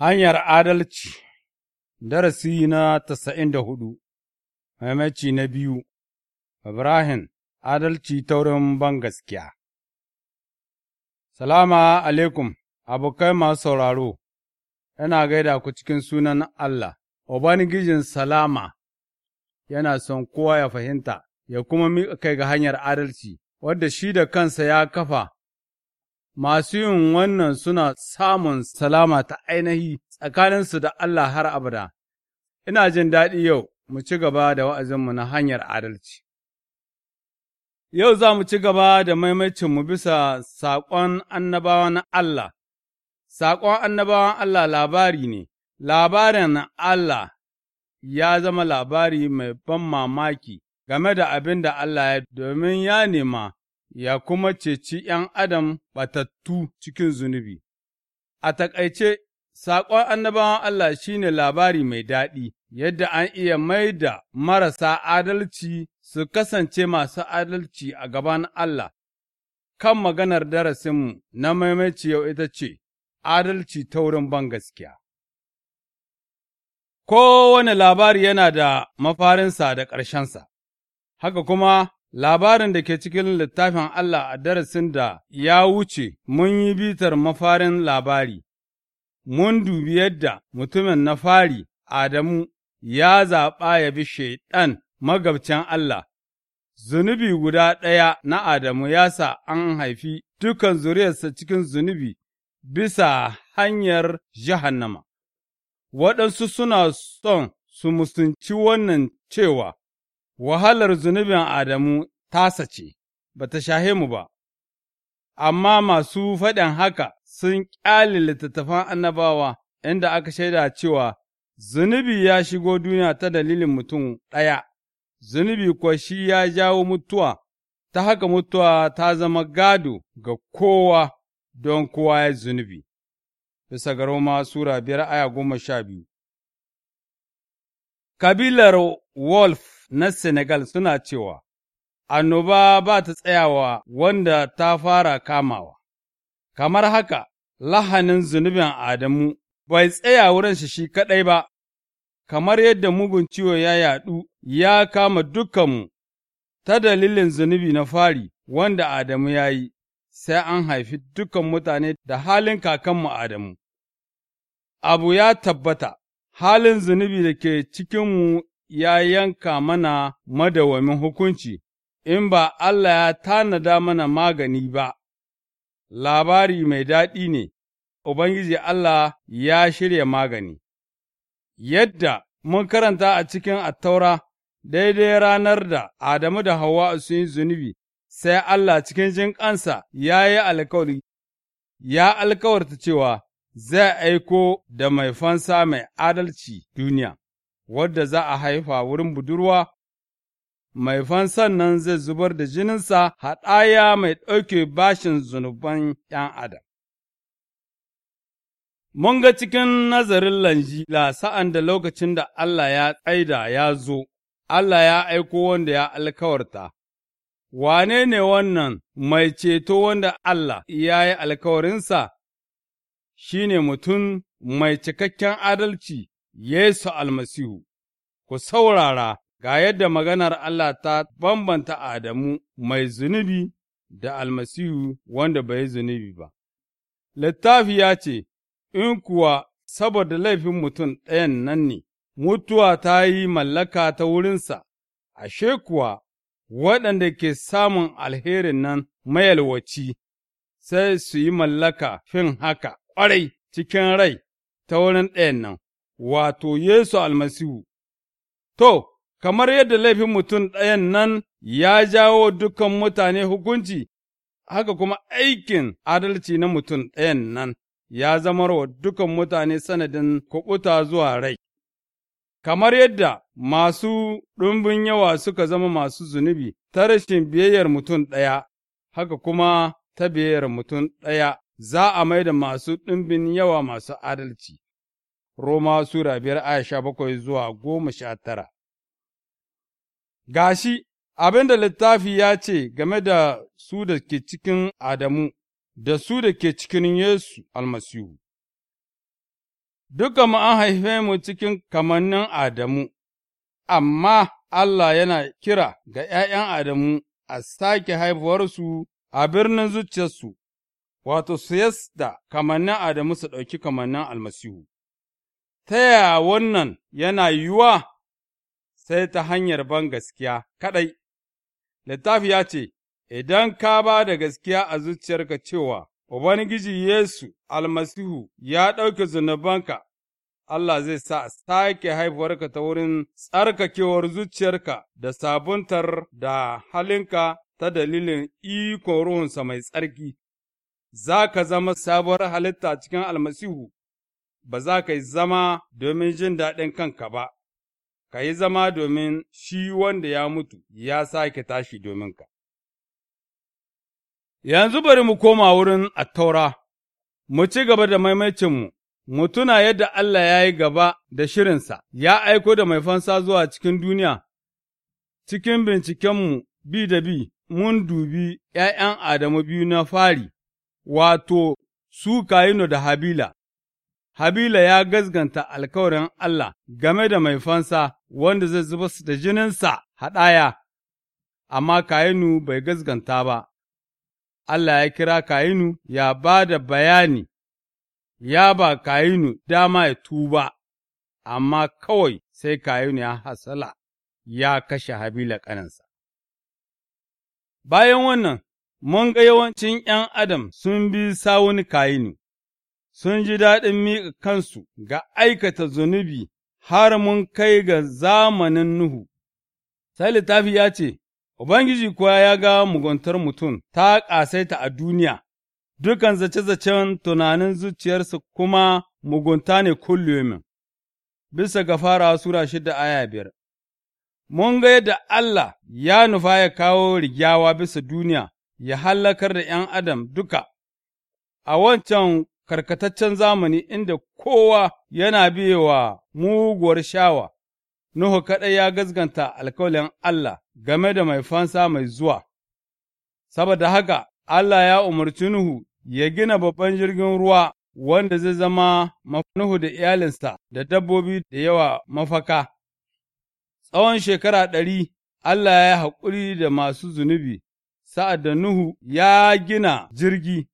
Hanyar Adalci Darasi na tasa'in da hudu Maimaci na biyu Ibrahim Adalci taurin bangaskiya Salama alaikum, abokai masu sauraro, yana gaida ku cikin sunan Allah, Ubangijin Salama yana son kowa ya fahimta, ya kuma miƙa kai ga hanyar adalci, wadda shi da kansa ya kafa masu yin wannan suna samun salama ta ainihi tsakaninsu da Allah har abada. Ina jin daɗi yau mu ci gaba da wa'azinmu na hanyar adalci. Yau za mu ci gaba da mu bisa saƙon Annabawan Allah. Saƙon annabawan Allah labari ne, labarin Allah ya zama labari mai ban mamaki game da abin da Allah ya domin ya nema ya kuma ceci ’yan adam batattu cikin zunubi. A taƙaice, saƙon annabawan Allah shi ne labari mai daɗi, yadda an iya mai da marasa adalci su kasance masu adalci a gaban Allah. Kan maganar darasinmu na maimaici yau ita ce, Adalci ta wurin ban gaskiya. Kowane labari yana da mafarinsa da ƙarshensa, haka kuma Labarin da ke cikin littafin Allah a darasin da ya wuce mun yi bitar mafarin labari, mun dubi yadda mutumin na fari Adamu ya zaɓa ya bi Shaiɗan magabcin Allah, zunubi guda ɗaya na Adamu ya sa an haifi dukan zuriyarsa cikin zunubi bisa hanyar jahannama. Waɗansu suna son su musunci wannan cewa wahalar zunubin Adamu ta sace, ba ta shahe mu ba, amma masu faɗin haka sun ƙyale littattafan annabawa inda aka shaida cewa zunubi ya shigo duniya ta dalilin mutum ɗaya, zunubi kuwa shi ya jawo mutuwa, ta haka mutuwa ta zama gado ga kowa don kowa ya zunubi. Bisa ga Roma Sura biyar aya goma sha biyu. Kabilar Wolf na Senegal suna cewa, Annoba ba ta tsayawa wanda ta fara kamawa, kamar haka lahanin zunubin Adamu bai tsaya wurin shi kaɗai ba, kamar yadda mugun ciwo ya yaɗu ya kama dukanmu ta dalilin zunubi na fari wanda Adamu ya yi, sai an haifi dukan mutane da halin kakanmu Adamu. Abu ya tabbata, halin zunubi da ke cikinmu ya yanka mana madawamin hukunci, in ba Allah ya tanada mana magani ba, labari mai daɗi ne, Ubangiji Allah ya shirya magani. Yadda mun karanta a cikin attaura daidai ranar da Adamu da Hawwa sun yi zunubi, sai Allah cikin jin ƙansa ya yi alkawari, ya alkawarta cewa zai aiko da mai fansa mai adalci duniya. wadda za a haifa wurin budurwa, mai fansan nan zai zubar da jininsa haɗaya mai ɗauke bashin zunuban ’yan adam. Mun ga cikin nazarin lanji la sa'an da lokacin da Allah ya tsaida ya zo, Allah ya aiko wanda ya alkawarta, wane ne wannan mai ceto wanda Allah ya yi alkawarinsa? Shi ne mutum mai cikakken adalci Yesu almasihu, ku saurara ga yadda maganar Allah ta bambanta Adamu mai zunubi da almasihu wanda bai yi zunubi ba. Littafi ya ce, In kuwa saboda laifin mutum ɗayan nan ne, mutuwa ta yi mallaka ta wurinsa, ashe kuwa waɗanda ke samun alherin nan mayalwaci sai su yi mallaka fin haka ƙwarai cikin rai ta wurin ɗayan nan. wato Yesu almasihu. To, kamar yadda laifin mutum ɗayan nan ya jawo dukan mutane hukunci, haka kuma aikin adalci na mutum ɗayan nan ya zama wa dukan mutane sanadin kuɓuta zuwa rai. Kamar yadda masu ɗumbin yawa suka zama masu zunubi ta rashin biyayyar mutum ɗaya, haka kuma ta biyayyar mutum ɗaya za a mai da masu ɗumbin yawa masu adalci. Roma Sura biyar aya sha bakwai zuwa goma sha tara. Gashi, abin da littafi ya ce game da su da ke cikin Adamu, da su da ke cikin Yesu almasihu. Duka mu an haife mu cikin kamannin Adamu, amma Allah yana kira ga ’ya'yan Adamu a sake haifuwarsu a birnin zuciyarsu, wato su yasta kamannin Adamu su ɗauki kamannin almasihu. ta yaya wannan yana yiwuwa sai ta hanyar ban gaskiya kaɗai. Littafi ya ce, Idan ka ba da gaskiya a zuciyarka cewa Ubangiji Yesu almasihu ya ɗauke zunubanka, Allah zai sa sake haifuwarka ta wurin tsarkakewar zuciyarka da sabuntar da halinka ta dalilin ikon ruhunsa mai tsarki, za ka zama sabuwar halitta cikin almasihu ba za ka yi zama domin jin daɗin kanka ba, ka yi zama domin shi wanda ya mutu ya sake tashi domin ka. Yanzu bari mu koma wurin attaura, mu ci gaba da maimaicinmu, mu tuna yadda Allah ya yi gaba da shirinsa, ya aiko da mai fansa zuwa cikin duniya, cikin bincikenmu bi da bi, mun dubi ’ya'yan Adamu biyu na fari, wato, su Kayino da Habila. Habila ya gazganta alkawarin Allah game da mai fansa wanda zai zuba su da jininsa haɗaya, amma Kayinu bai gazganta ba, Allah ya kira Kayinu ya ba da bayani, ya ba Kayinu dama ya tuba, amma kawai sai Kayinu ya hasala ya kashe Habila ƙaninsa. Bayan wannan, mun ga yawancin ’yan Adam sun bi sawun Kayinu. sun ji daɗin miƙa kansu ga aikata zunubi har mun kai ga zamanin Nuhu. Sai littafi ya ce, Ubangiji kuwa ya ga muguntar mutum ta ƙasaita a duniya, dukan zace-zacen tunanin zuciyarsa kuma mugunta ne kullumin. Bisa ga fara Sura shida aya biyar. Mun ga yadda Allah ya nufa ya kawo rigyawa bisa duniya ya hallakar da ’yan Adam duka, a wancan karkataccen zamani inda kowa yana biyewa muguwar shawa, Nuhu kaɗai ya gazganta alkawalin Allah game da mai fansa mai zuwa, saboda haka Allah ya umarci Nuhu ya gina babban jirgin ruwa wanda zai zama Nuhu da iyalinsa da dabbobi da yawa mafaka. Tsawon shekara ɗari Allah ya haƙuri da masu zunubi, sa'ad da Nuhu ya gina jirgi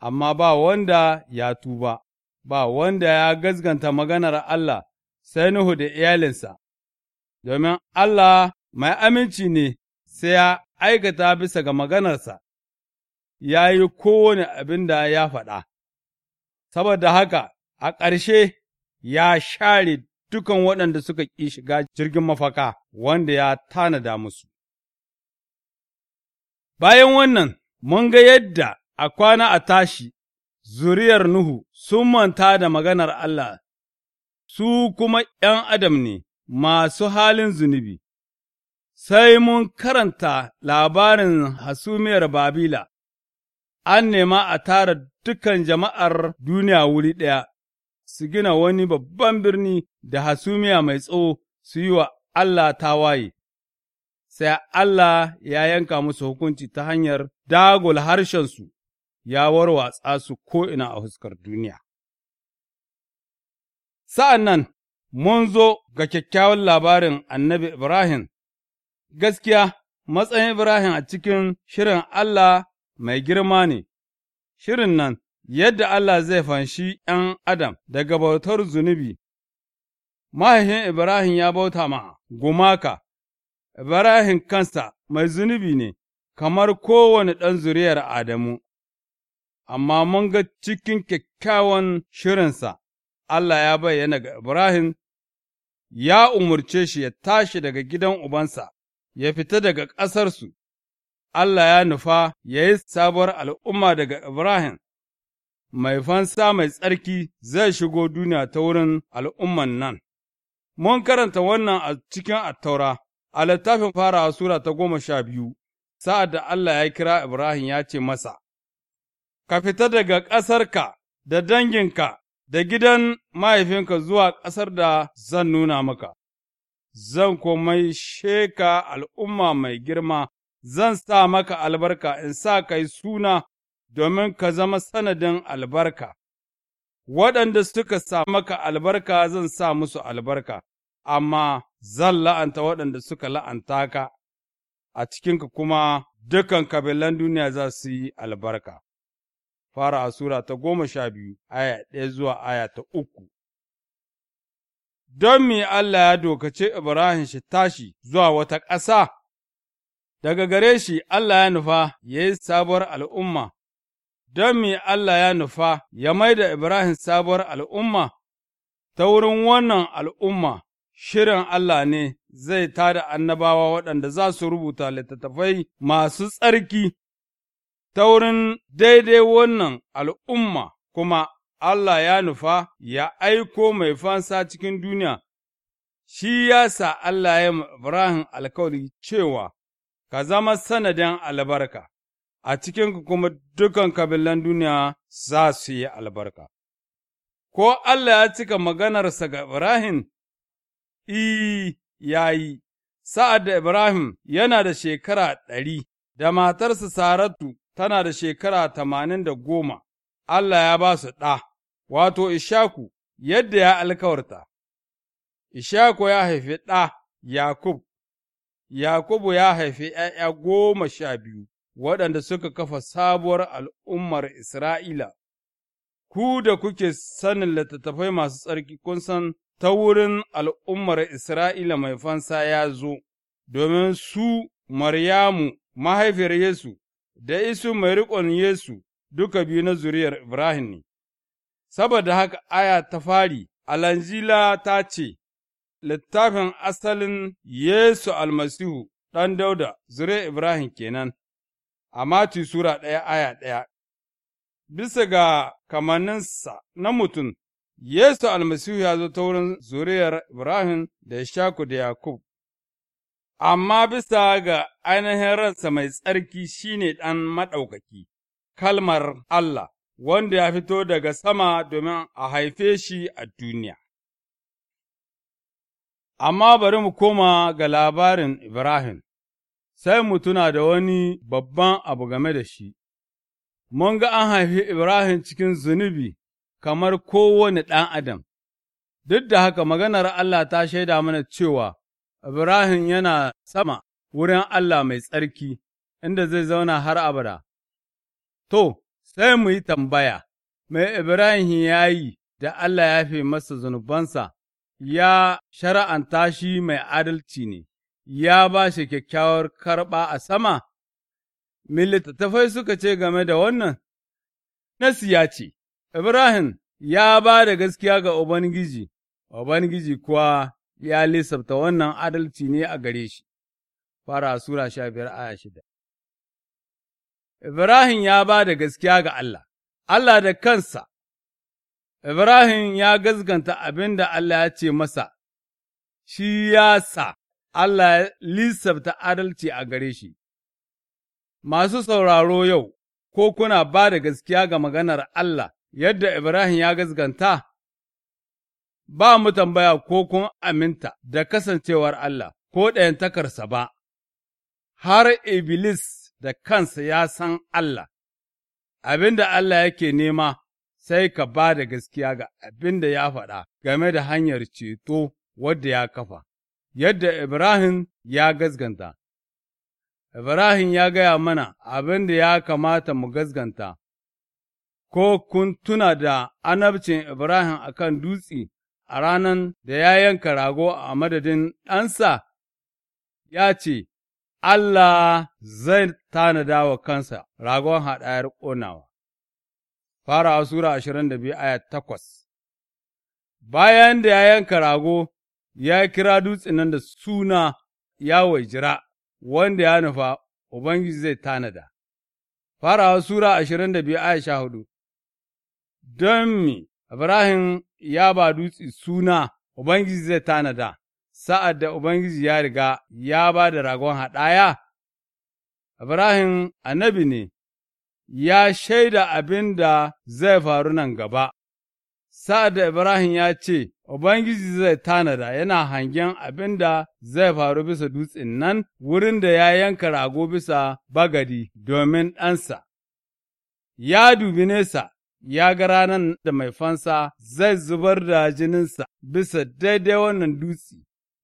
amma ba wanda ya tuba, ba wanda ya gazganta maganar Allah sai Nuhu da iyalinsa, domin Allah mai aminci ne sai ya aikata bisa ga maganarsa, ya yi kowane abin da ya faɗa, saboda haka a ƙarshe ya share dukan waɗanda suka ƙi shiga jirgin mafaka wanda ya tanada musu. Bayan wannan, mun ga yadda a kwana a tashi, zuriyar Nuhu sun manta da maganar Allah, su kuma ’yan adam ne masu halin zunubi, sai mun karanta labarin hasumiyar Babila, an nema a tara dukan jama'ar duniya wuri ɗaya, su gina wani babban birni da hasumiya mai tsawo su yi wa Allah tawaye. sai Allah ya yanka musu hukunci ta hanyar dagul harshensu. ya warwatsa su ko'ina a fuskar duniya. Sa'an nan, mun zo ga kyakkyawan labarin annabi Ibrahim, gaskiya matsayin Ibrahim a cikin shirin Allah mai girma ne, shirin nan yadda Allah zai fanshi ’yan Adam daga bautar zunubi, mahaifin Ibrahim ya bauta ma gumaka, Ibrahim kansa mai zunubi ne, kamar kowane ɗan zuriyar Adamu, amma mun ga cikin kyakkyawan shirinsa, Allah ya bayyana ga Ibrahim, ya umarce shi ya tashi daga gidan ubansa, ya fita daga ƙasarsu, Allah ya nufa ya yi sabuwar al'umma daga Ibrahim, mai fansa mai tsarki zai shigo duniya ta wurin al'umman nan. Mun karanta wannan a cikin attaura, a littafin farawa Sura ta goma sha biyu, sa'ad da Allah ya kira Ibrahim ya ce masa, ka fita daga ƙasarka da danginka da gidan mahaifinka zuwa ƙasar da zan nuna maka, zan komai sheka al'umma mai girma, zan sa maka albarka in sa kai suna domin ka zama sanadin albarka. Waɗanda suka sa maka albarka zan sa musu albarka, amma zan la'anta waɗanda suka la'anta ka, a cikinka kuma dukan kabilan duniya za su yi albarka. fara a Sura ta goma sha biyu, aya ɗaya zuwa aya ta uku. Don me Allah ya dokace Ibrahim shi tashi zuwa wata ƙasa, daga gare shi Allah ya nufa ya yi sabuwar al'umma, don me Allah ya nufa ya mai da Ibrahim sabuwar al'umma, ta wurin wannan al'umma shirin Allah ne zai tada annabawa waɗanda za su rubuta littattafai masu tsarki ta wurin daidai wannan al'umma kuma Allah ya nufa ya aiko mai fansa cikin duniya, shi ya sa Allah ya Ibrahim alkawari cewa, Ka zama sanadin albarka, a cikin kuma dukan kabilan duniya za su yi albarka. Ko Allah ya cika maganarsa ga Ibrahim, I ya yi, sa'ad da Ibrahim yana da shekara ɗari, da matarsa Saratu tana da shekara tamanin da goma, Allah ya ba su ɗa, wato Ishaku, yadda ya alkawarta. Ishaku ya haifi ɗa Yakub, Yakubu ya haifi ’ya'ya goma sha biyu, waɗanda suka kafa sabuwar al'ummar Isra'ila. Ku da kuke sanin littattafai masu tsarki kun san ta wurin al'ummar Isra'ila mai fansa ya zo, domin su Maryamu mahaifiyar Yesu da Isu mai riƙon Yesu duka biyu na zuriyar Ibrahim ne, saboda haka aya ta fari alanzila ta ce, Littafin asalin Yesu almasihu ɗan dauda zuriyar Ibrahim kenan, a Mati Sura ɗaya aya ɗaya, bisa ga kamanninsa na mutum, Yesu almasihu ya zo ta wurin zuriyar Ibrahim da Ishaku da Yakub. amma bisa ga ainihin ransa mai tsarki shine ɗan maɗaukaki, kalmar Allah, wanda ya fito daga sama domin a haife shi a duniya. Amma bari mu koma ga labarin Ibrahim, sai mu tuna da wani babban abu game da shi, mun ga an haifi Ibrahim cikin zunubi kamar kowane ɗan adam, duk da haka maganar Allah ta shaida mana cewa Ibrahim yana sama wurin Allah mai tsarki, inda zai zauna har abada. To, sai mu yi tambaya, mai Ibrahim ya yi da Allah ya fi masa zunubansa, ya shara'anta shi mai adalci ne, ya ba shi kyakkyawar karɓa a sama? militattafai suka ce game da wannan, Nasi ya ce, Ibrahim ya ba da gaskiya ga Ubangiji, Ubangiji kuwa ya lissafta wannan adalci ne a gare shi, fara Sura sha biyar aya shida. Ibrahim ya ba da gaskiya ga Allah, Allah da kansa, Ibrahim ya gazganta abin da Allah ya ce masa, shi ya sa Allah ya lissafta adalci a gare shi. Masu sauraro yau, ko kuna ba da gaskiya ga maganar Allah yadda Ibrahim ya gazganta? ba mu tambaya ko kun aminta da kasancewar Allah ko takarsa ba, har Iblis da kansa ya san Allah, abin da Allah yake nema sai ka ba da gaskiya ga abin da ya faɗa game da hanyar ceto wadda ya kafa, yadda Ibrahim ya gazganta. Ibrahim ya gaya mana abin da ya kamata mu gazganta, ko kun tuna da anabcin Ibrahim akan dutse a ranan da ya yanka rago a madadin ɗansa, ya ce, Allah zai tanada wa kansa ragon haɗayar ƙonawa. Farawa Sura ashirin da biyu aya takwas Bayan da ya yanka rago, ya kira dutsen nan da suna ya jira, wanda ya nufa Ubangiji zai tanada. Farawa Sura ashirin da biyu aya sha hudu Don mi. Ibrahim ya ba dutse suna Ubangiji zai tanada, sa'ad da Ubangiji ya riga ya ba da ragon haɗaya, Ibrahim annabi ne, ya shaida abin da zai faru nan gaba, sa'ad da Ibrahim ya ce, Ubangiji zai tanada yana hangen abin da zai faru bisa dutsen nan wurin da ya yanka rago bisa bagadi domin ɗansa, ya dubi nesa ya ga ranan da mai fansa zai zubar da jininsa bisa daidai wannan dutse,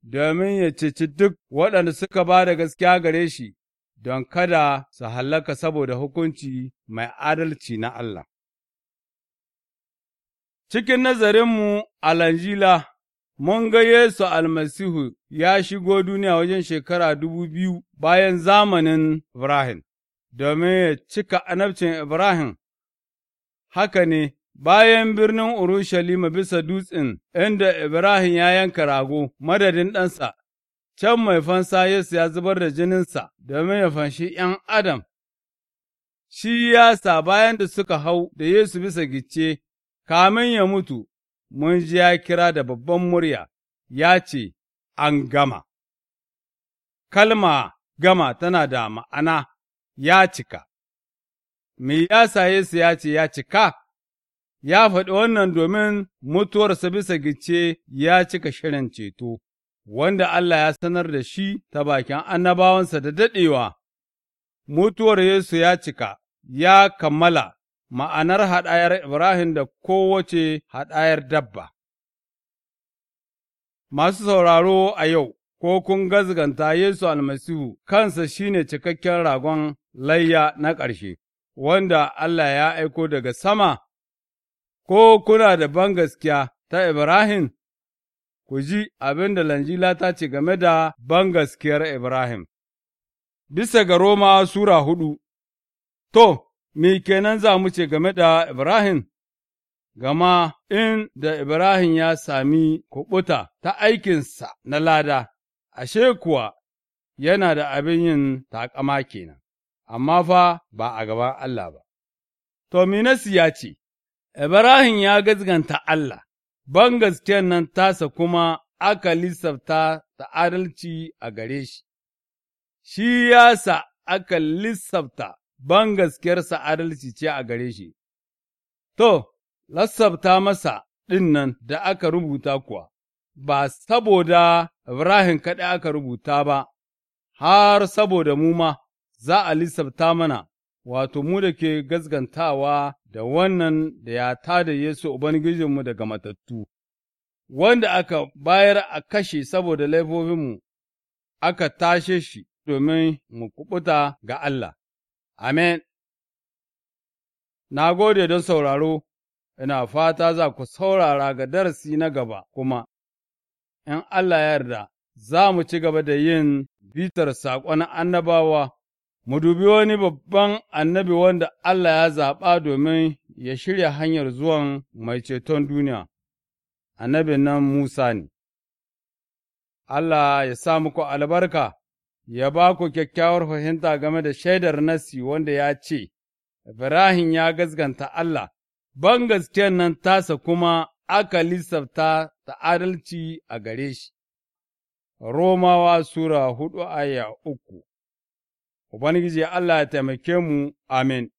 domin ya cici duk waɗanda suka ba da gaskiya gare shi, don kada su hallaka saboda hukunci mai adalci na Allah. Cikin nazarinmu a Lanjila, mun ga Yesu almasihu ya shigo duniya wajen shekara dubu biyu bayan zamanin Ibrahim, domin ya cika anabcin Ibrahim haka ne, bayan birnin Urushalima bisa dutsen inda Ibrahim ya yanka rago madadin ɗansa, can mai fansa Yesu ya zubar da jininsa domin ya fanshi ’yan Adam. Shi yasa bayan da suka hau da Yesu bisa gice, kamin ya mutu, mun ji ya kira da babban murya, ya ce, An gama. Kalma gama tana da ma'ana, ya cika. me yasa Yesu ya ce ya cika, ya faɗi wannan domin mutuwarsa bisa gice ya cika shirin ceto, wanda Allah ya sanar da shi ta bakin annabawansa da daɗewa. Mutuwar Yesu ya cika, ya kammala ma'anar haɗayar Ibrahim da kowace haɗayar dabba. Masu sauraro a yau, ko kun gazganta Yesu almasihu kansa shine cikakken ragon layya na ƙarshe. wanda Allah ya aiko daga sama, ko kuna da bangaskiya ta Ibrahim, ku ji abin da Lanjila ta ce game da bangaskiyar Ibrahim. Bisa ga Roma Sura hudu, to, me kenan za mu ce game da Ibrahim? Gama in da Ibrahim ya sami kuɓuta ta aikinsa na lada, ashe kuwa yana da abin yin taƙama kenan. amma fa ba a gaban Allah ba. To, Minasi ya ce, Ibrahim ya gazganta Allah, ban gaskiyar nan tasa kuma aka lissafta ta adalci a gare shi, shi ya sa aka lissafta ban gaskiyarsa adalci ce a gare shi. To, lissafta masa ɗin da aka rubuta kuwa, ba saboda Ibrahim kaɗai aka rubuta ba, har saboda mu ma, za a lissafta mana, wato mu da ke gaskantawa da wannan da ya tada Yesu Ubangijinmu daga matattu, wanda aka bayar a kashe saboda laifofinmu, aka tashe shi domin mu kubuta ga Allah. Amen. Na gode don sauraro, ina fata za ku saurara ga darasi na gaba kuma, in Allah yarda, za mu ci gaba da yin bitar saƙon annabawa. mu dubi wani babban annabi wanda Allah ya zaɓa domin ya shirya hanyar zuwan mai ceton duniya, annabin nan Musa ne. Allah ya sa muku albarka, ya ba ku kyakkyawar fahimta game da shaidar nasi wanda ya ce, Ibrahim ya gaskanta Allah, ban gasken nan tasa kuma aka lissafta ta adalci a gare shi. Romawa Sura hudu aya uku Ubangiji Allah ya taimake mu, amin.